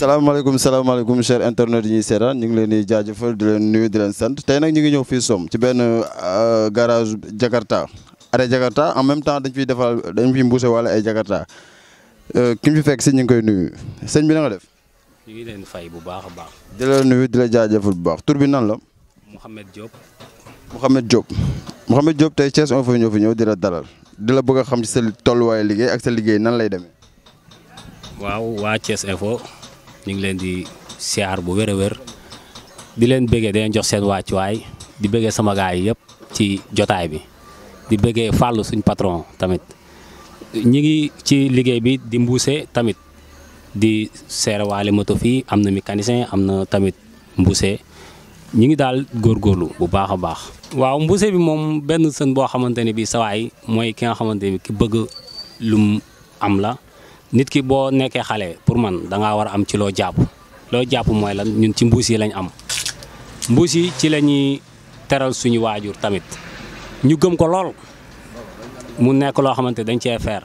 salaamaaleykum salaamaaleykum cher internet yi ñuy seetaan ñu ngi leen di jaajëfal di leen nuyu di leen sant tey nag ñu ngi ñëw fii Somm ci benn euh, garage Jakarta arrêt Jakarta en même temps dañ fiy defal dañ fiy mbuuse wala ay Jakarta euh, ki ñu fi fekk si ñu ngi koy nuyu sëñ bi na nga def. ñu ngi leen fay bu baax a baax. di la nuyu di la jaajëfal bu baax turbi nan la. Mouhamed Diop. Mouhamed Diop Mouhamed Diop tey Thiès Info ñoo fi ñëw di la dalal di la bëgg a xam ci sa tolluwaayu liggéey ak sa liggéey nan lay demee. waaw waa Thiès Info. ñu ngi leen di siyaar bu wér a di leen bëggee di leen jox seen wàccuwaay di bëggee sama gaay yi yëpp ci jotaay bi di bëggee fàll suñ patron tamit ñi ngi ci liggéey bi di mbuuse tamit di seerewaale moto fii am na mécanicien am na tamit mbuuse ñu ngi daal góor góorlu bu baax a baax waaw mbuuse bi moom benn sën boo xamante ne bi sawaay mooy ki nga xamante ne bi ki bëgg lum am la nit ki boo nekkee xale pour man da war a am ci loo jàpp loo jàpp mooy lan ñun ci mbuus yi lañ am mbuus yi ci la ñuy teral suñu waajur tamit ñu gëm ko lool mu nekk loo xamante dañ cee feer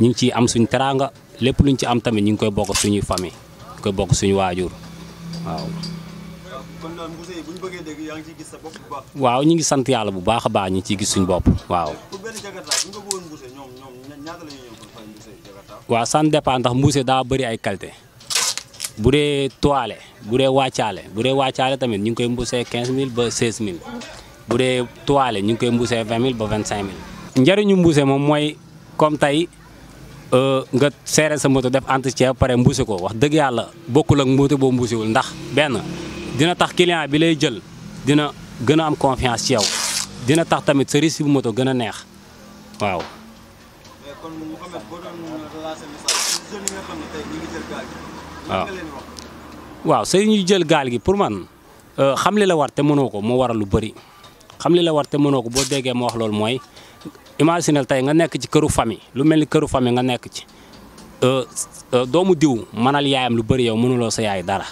ñu ngi ciy am suñu teraanga lépp luñ ci am tamit ñu ngi koy bokk suñuy famille ñu koy bokk suñu waajur waaw. waaw ñu ngi sant yàlla bu baax a baax ñi ciy gis suñu bopp waaw. waaw ça dépend ndax mbuuse daa bëri ay qualité bu dee toile bu dee wàccaale bu dee wàccaale tamit ñu ngi koy mbuusee 15000 ba mille bu dee toile ñu ngi koy mbuusee 20000 ba mille njariñu mbuuse moom mooy comme tey euh, nga seere sa moto def entretien ba pare mbuuse ko wax dëgg yàlla bokkul ak moto boo mbuusewul ndax benn. dina tax client bi lay jël dina gën a am confiance ci yow dina tax tamit sa risque bu moto gën a neex waaw. waaw waaw say ñuy jël gaal gi pour man euh, xam li la war te mënoo ko moo waral lu bari xam li la war te mënoo ko boo déggee ma wax loolu mooy imaginel tey nga nekk ci këru famille lu mel ni këru fami nga nekk ci euh, euh, doomu diw mënal yaayam lu bari yow mënuloo sa yaay dara.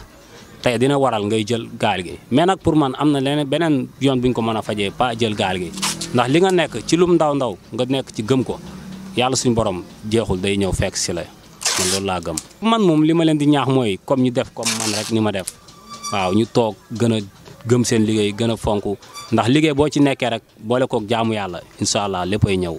tey dina waral ngay jël gaal gi mais nag pour man am na leneen beneen yoon bu ñu ko mën a fajee pas jël gaal gi ndax li nga nekk ci lum ndaw ndaw nga nekk ci gëm ko yàlla suñu borom jeexul day ñëw fekk si la man loolu laa gëm. man moom li ma leen di ñaax mooy comme ñu def comme man rek ni ma def waaw ñu toog gën gëm seen liggéey gën a fonk ndax liggéey boo ci nekkee rek boole kook jaamu yàlla incha allah léppay ñëw.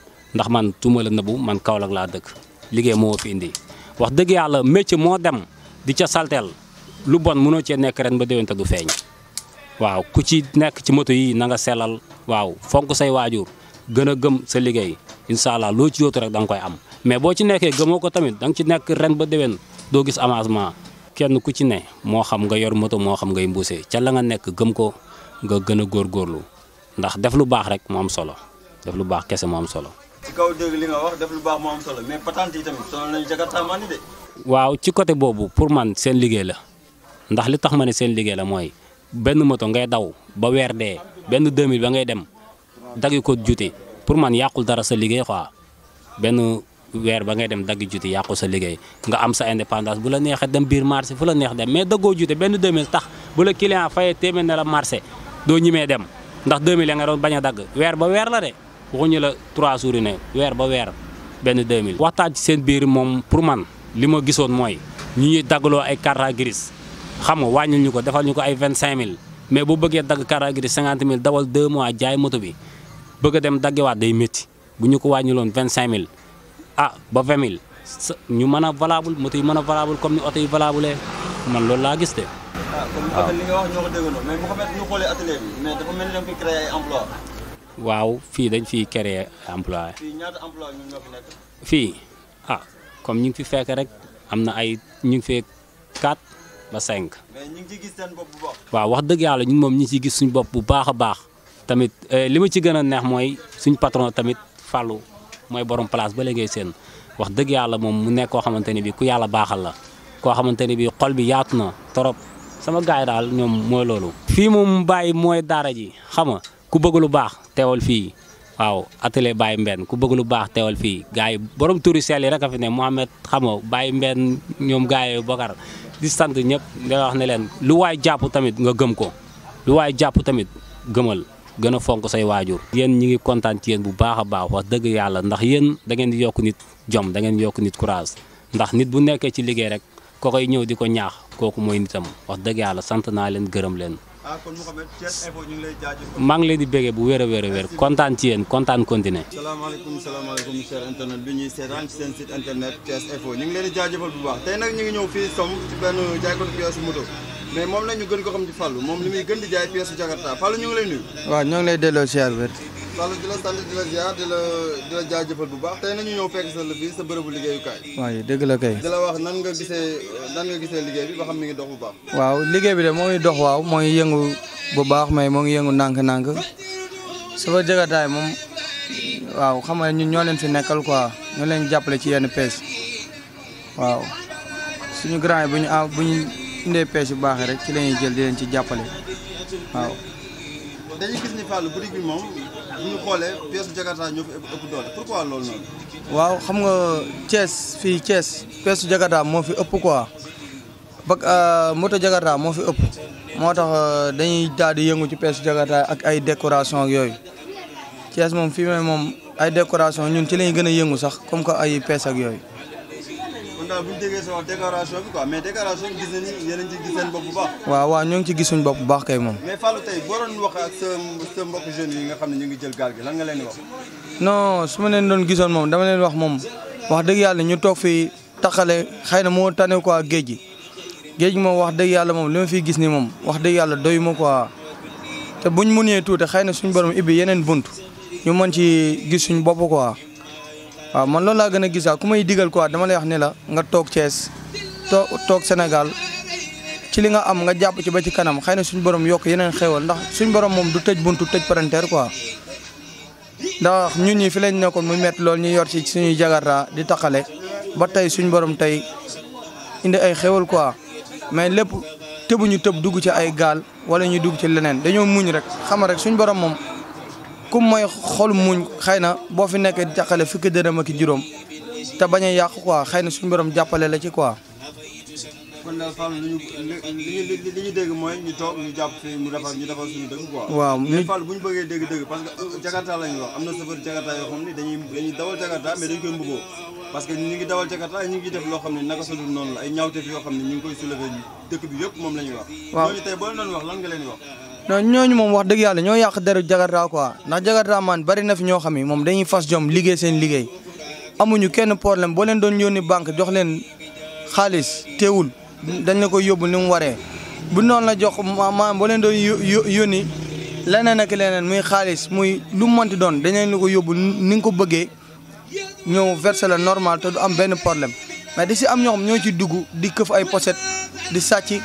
ndax man tuuma la nëbbu man Kaolack laa dëkk liggéey moo fi indi wax dëgg yàlla métier moo dem di ca salteel lu bon mënoo cee nekk ren ba déwén te du feeñ waaw ku ci nekk ci moto yi na nga sellal waaw fonk say waajur gën a gëm sa liggéey incha allah loo ci yootu rek da koy am mais boo ci nekkee gëmoo ko tamit danga ci nekk ren ba déwén doo gis avancement kenn ku ci ne moo xam nga yor moto moo xam ngay mbuusee ca la nga nekk gëm ko nga gën a góorgóorlu ndax def lu baax rek moo am solo def lu baax kese moo am solo ci kaw dégg li nga wax def lu baax moo am solo mais patente yi tamit sonal nañu Jakarta man de. waaw ci côté boobu pour man seen liggéey la ndax li tax ma ne seen liggéey la mooy benn moto ngay daw ba weer de benn 2000 ba ngay dem daggi ko juuti pour man yàqul dara sa liggéey quoi benn. weer ba ngay dem dagg juti yàqu sa liggéey nga am sa indépendance bu la neexee dem biir marché fu la neex dem mais daggoo jute benn 2000 tax bu la client fayee téeméer ne la marché doo ñimee dem ndax 2000 ya nga doon bañ dagg weer waxuñu la trois jours yu ne weer ba weer benn waxtaan ci seen biir moom pour man li ma gisoon mooy ñu ñuy daggaloo ay carte grise xam nga wàññil ñu ko defal ñu ko ay 25000 mais bu bëggee dagg carte grise 50000 dawal 2 mois jaay moto bi bëgg a dem daggewaat day métti bu ñu ko wàññiloon 25000 ah ba 20000 sa ñu mën a valable moto yi mën a valable comme ni oto yi valable man loolu laa gis de. Ah, waaw fii dañ fi créer emploi fii fii ah comme ñu ngi fi fekk rek am na ay ñu ngi fee 4 ba 5. waaw wax dëgg yàlla ñun moom ñu ngi ciy gis suñu bopp bu baax a baax tamit eh, li ma ci gën a neex mooy suñu patron tamit Fallou mooy borom place ba léegi seen wax dëgg yàlla moom mu nekk koo xamante ne bii ku yàlla baaxal la koo xamante ne bii xol bi yaatu na trop sama gaay daal ñoom mooy loolu. fii moom bàyyi mooy daara ji xam ku bëgg lu baax teewal fii waaw atelier bàyyi mbenn ku bëgg lu baax teewal fii gars yi borom turi seel yi rek a fi ne Mouhamed xam nga Baye Mbène ñoom gars yi Bakar di sant ñëpp day wax ne leen lu waay jàpp tamit nga gëm ko lu waay jàpp tamit gëmal gën a fonk say waajur. yéen ñi ngi kontaan ci yéen bu baax a baax wax dëgg yàlla ndax yéen da ngeen di yokk nit jom da ngeen yokk nit courage ndax nit bu nekkee ci liggéey rek ko koy ñëw di ko ñaax kooku mooy nitam wax dëgg yàlla sant naa leen gërëm leen. ah kon Mouhamed Thiès Info maa ngi leen di béggee bu wér a wér a wér kontaan ci yéen kontaan continué. salaamaaleykum salaamaaleykum cher internet bi ñuy seetaan ci seen site internet Thiès Info ñu ngi leen di jaajëfal bu baax tey nag ñu ngi ñëw fii som ci benn jaaykatu pièce moto mais moom la gën ko xam ci Fallou moom li muy gën di jaay pièce Jakarta Fallou ñu ngi lay nuyu. waaw ñoo ngi lay delloo siyaar wér. Sall di la sant di la ziar di la di la bu baax tey nañu ñëw fekk sa la fii sa bërëbu liggéeyukaay waaye dëgg la kay di la wax nan nga gisee nan nga gisee liggéey bi ba xam mi ngi dox bu baax waaw liggéey bi de moo ngi dox waaw moo yëngu bu baax mais moo ngi yëngu nànk-nànk su fa jëgataay moom waaw xam nga ñun ñoo leen si nekkal quoi ñoo leen jàppale ci yenn pees waaw suñu grand bu ñu ah, bu ñu indee pees yu baaxee rek ci la jël di leen ci jàppale waaw bu ñu xoolee pièce Jakarta ñoo fi ëpp doole pourquoi loolu noonu. waaw xam nga cees fii Thiès pièce Jakarta moo fi ëpp quoi ba euh, moto Jakarta moo fi ëpp moo tax euh, dañuy daal di yëngu ci pièce Jakarta ak ay décoration ak yooyu Thiès moom fii moom ay décoration ñun ci ñu gën a yëngu sax comme que ay pièces ak yooyu. daal bu ñu déggee sa wax a ngi ci gis seen ñoo ngi ci gis suñu bopp bu baax kay moom. mais Fallou tey boo yi nga xam ne ñu ngi jël gaal gi lan nga leen di wax. non su ma neen doon gisoon moom dama leen wax moom wax dëgg yàlla ñu toog fi taxale xëy na moo tane quoi géej gi géej moo wax dëgg yàlla moom li ma fi gis ni moom wax dëgg yàlla doy ma quoi te buñ munee tuuti xay na suñu borom ibbi yeneen bunt ñu mën ci gis suñu bopp quoi waaw man loolu laa gën a gis ku may digal quoi dama lay wax ne la nga toog Thiès toog toog Sénégal ci li nga am nga jàpp ci ba ci kanam xëy na suñu borom yokk yeneen xéewal ndax suñ borom moom du tëj buntu tëj parenteer quoi. ndax ñun ñi fi lañ nekkoon muy métti lool ñu yor ci suñuy jagarta di taxale ba tey suñu borom tey indi ay xéewal quoi mais lépp tëbuñu tëb dugg ci ay gaal wala ñu dugg ci leneen dañoo muñ rek xam rek suñu borom moom. kum mooy xol muñ xëy na boo fi nekkee di jàqale fukki dërëm ak juróom te bañ a yàqu quoi xëy na suñu borom jàppale la ci quoi. mooy ñu toog ñu jàpp fii mu defar bu ñu bëggee dégg dëgg parce que euh, wax am na chauffeur Jakarta yoo xam ne dañuy dawal Jakarta mais dañ koy mbëggoo parce que ñu ngi dawal Jakarta ñu ngi def loo xam ne naka sa noonu la ay ñaawteef yoo xam ne ñu ngi koy soulever dëkk bi yëpp moom la ñuy wax. waaw ñooñu tey nga leen wax. ñoo ñu moom wax dëgg yàlla ñoo yàq deru Jakarta ko ndax Jakarta man bari na ñoo xam ne moom dañuy fas jom liggéey seen liggéey amuñu kenn problème boo leen doon yónni banque jox leen xaalis teewul dañ la koy yóbbu ni mu waree. bu noonu la jox maanaam boo leen doon yónni leneen ak leneen muy xaalis muy lu mu mënti doon dañ leen la ko yóbbul ni ko bëggee ñëw verser la normal te du am benn problème mais di si am ñoo xam ñoo ci dugg di këf ay pochette di sàcc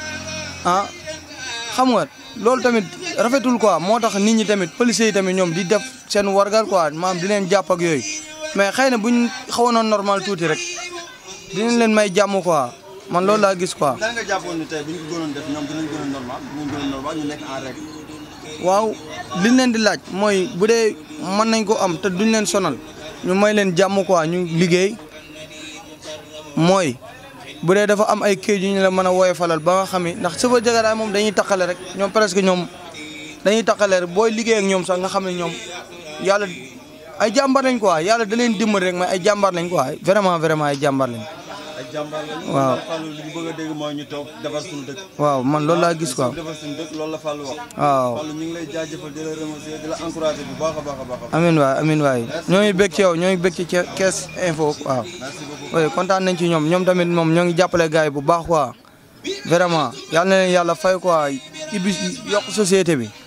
ah xam nga. loolu tamit rafetul quoi moo tax nit ñi tamit policiers yi tamit ñoom di def seen wargal quoi maam di leen jàpp ak yooyu mais xëy na bu ñu buñ xawoon normal tuuti rek dinañ leen may jàmm quoi man loolu laa gis quoi. lan nga jàppoon ni tey bu ñu ko gënoon a normal dinañ gën a waaw liñ leen di laaj mooy bu dee mën nañ ko am te duñ leen sonal ñu may leen jàmm quoi ñu liggéey mooy. bu dee dafa am ay kayit yu ñu la mën a woyofalal ba nga xam ni ndax chauffeur jagaraay moom dañuy taqale rek ñoom presque ñoom dañuy taqale rek booy liggéey ak ñoom sax nga xam ne ñoom yàlla ay jàmbar lañ quoi yàlla da leen dimbali rek mais ay jàmbar lañ quoi vraiment vraiment ay jàmbar waaw waaw man loolu laa gis quoi waaw amiin waay amiin waay ñoo ngi bég ci yow ñoo ngi bég ci Thiès info waaw oui kontaan nañ ci ñoom ñoom tamit moom ñoo ngi jàppale gars yi bu baax quoi vraiment yal na leen yàlla fay quoi ibbi yokk société bi